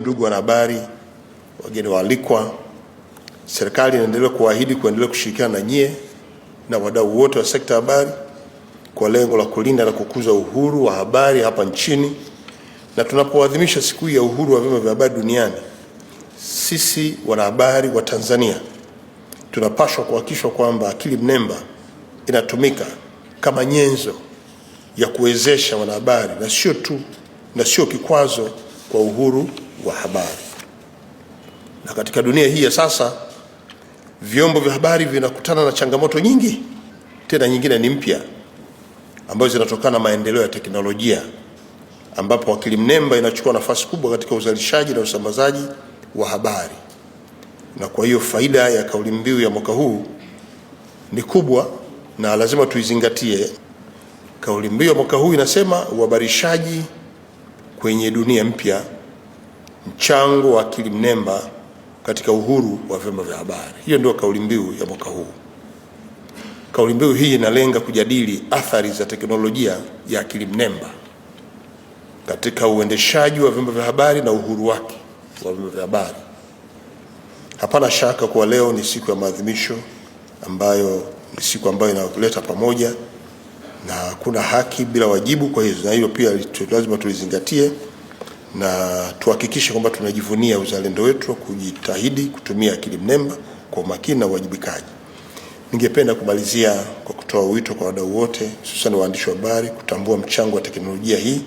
Ndugu wanahabari, wageni waalikwa, serikali inaendelea kuahidi kuendelea kushirikiana na nyie na wadau wote wa sekta ya habari kwa lengo la kulinda na kukuza uhuru wa habari hapa nchini. Na tunapoadhimisha siku hii ya uhuru wa vyombo vya habari duniani, sisi wanahabari wa Tanzania tunapaswa kuhakikishwa kwamba akili mnemba inatumika kama nyenzo ya kuwezesha wanahabari na sio tu na sio kikwazo kwa uhuru wa habari. Na katika dunia hii ya sasa, vyombo vya habari vinakutana na changamoto nyingi, tena nyingine ni mpya, ambazo zinatokana na maendeleo ya teknolojia, ambapo akili mnemba inachukua nafasi kubwa katika uzalishaji na usambazaji wa habari. Na kwa hiyo faida ya kauli mbiu ya mwaka huu ni kubwa na lazima tuizingatie. Kauli mbiu ya mwaka huu inasema uhabarishaji kwenye dunia mpya mchango wa akili mnemba katika uhuru wa vyombo vya habari. Hiyo ndio kauli mbiu ya mwaka huu. Kauli mbiu hii inalenga kujadili athari za teknolojia ya akili mnemba katika uendeshaji wa vyombo vya habari na uhuru wake wa vyombo vya habari. Hapana shaka kuwa leo ni siku ya maadhimisho ambayo ni siku ambayo inaleta pamoja, na hakuna haki bila wajibu. Kwa hiyo na hiyo pia lazima tulizingatie na tuhakikishe kwamba tunajivunia uzalendo wetu wa kujitahidi kutumia akili mnemba kwa umakini na uwajibikaji. Ningependa kumalizia kwa kutoa wito kwa wadau wote, hususan waandishi wa habari, kutambua mchango wa teknolojia hii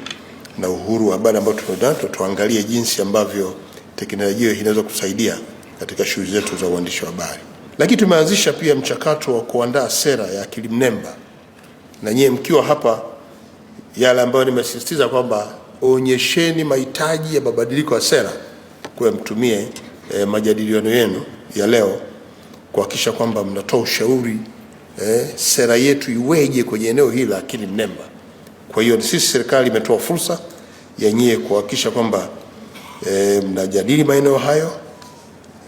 na uhuru wa habari ambao tunao, tuangalie jinsi ambavyo teknolojia hii inaweza kusaidia katika shughuli zetu za uandishi wa habari. Lakini tumeanzisha pia mchakato wa kuandaa sera ya akili mnemba, na nyie mkiwa hapa, yale ambayo nimesisitiza kwamba onyesheni mahitaji ya mabadiliko ya sera kwa mtumie e, majadiliano yenu ya leo kuhakikisha kwamba mnatoa ushauri e, sera yetu iweje kwenye eneo hili la akili mnemba. Kwa hiyo sisi serikali imetoa fursa ya nyie kuhakikisha kwamba e, mnajadili maeneo hayo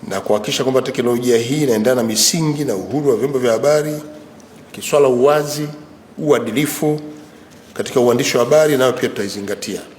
na kuhakikisha kwamba teknolojia hii inaendana na misingi na uhuru wa vyombo vya habari, kiswala uwazi, uadilifu katika uandishi wa habari, nayo pia tutaizingatia.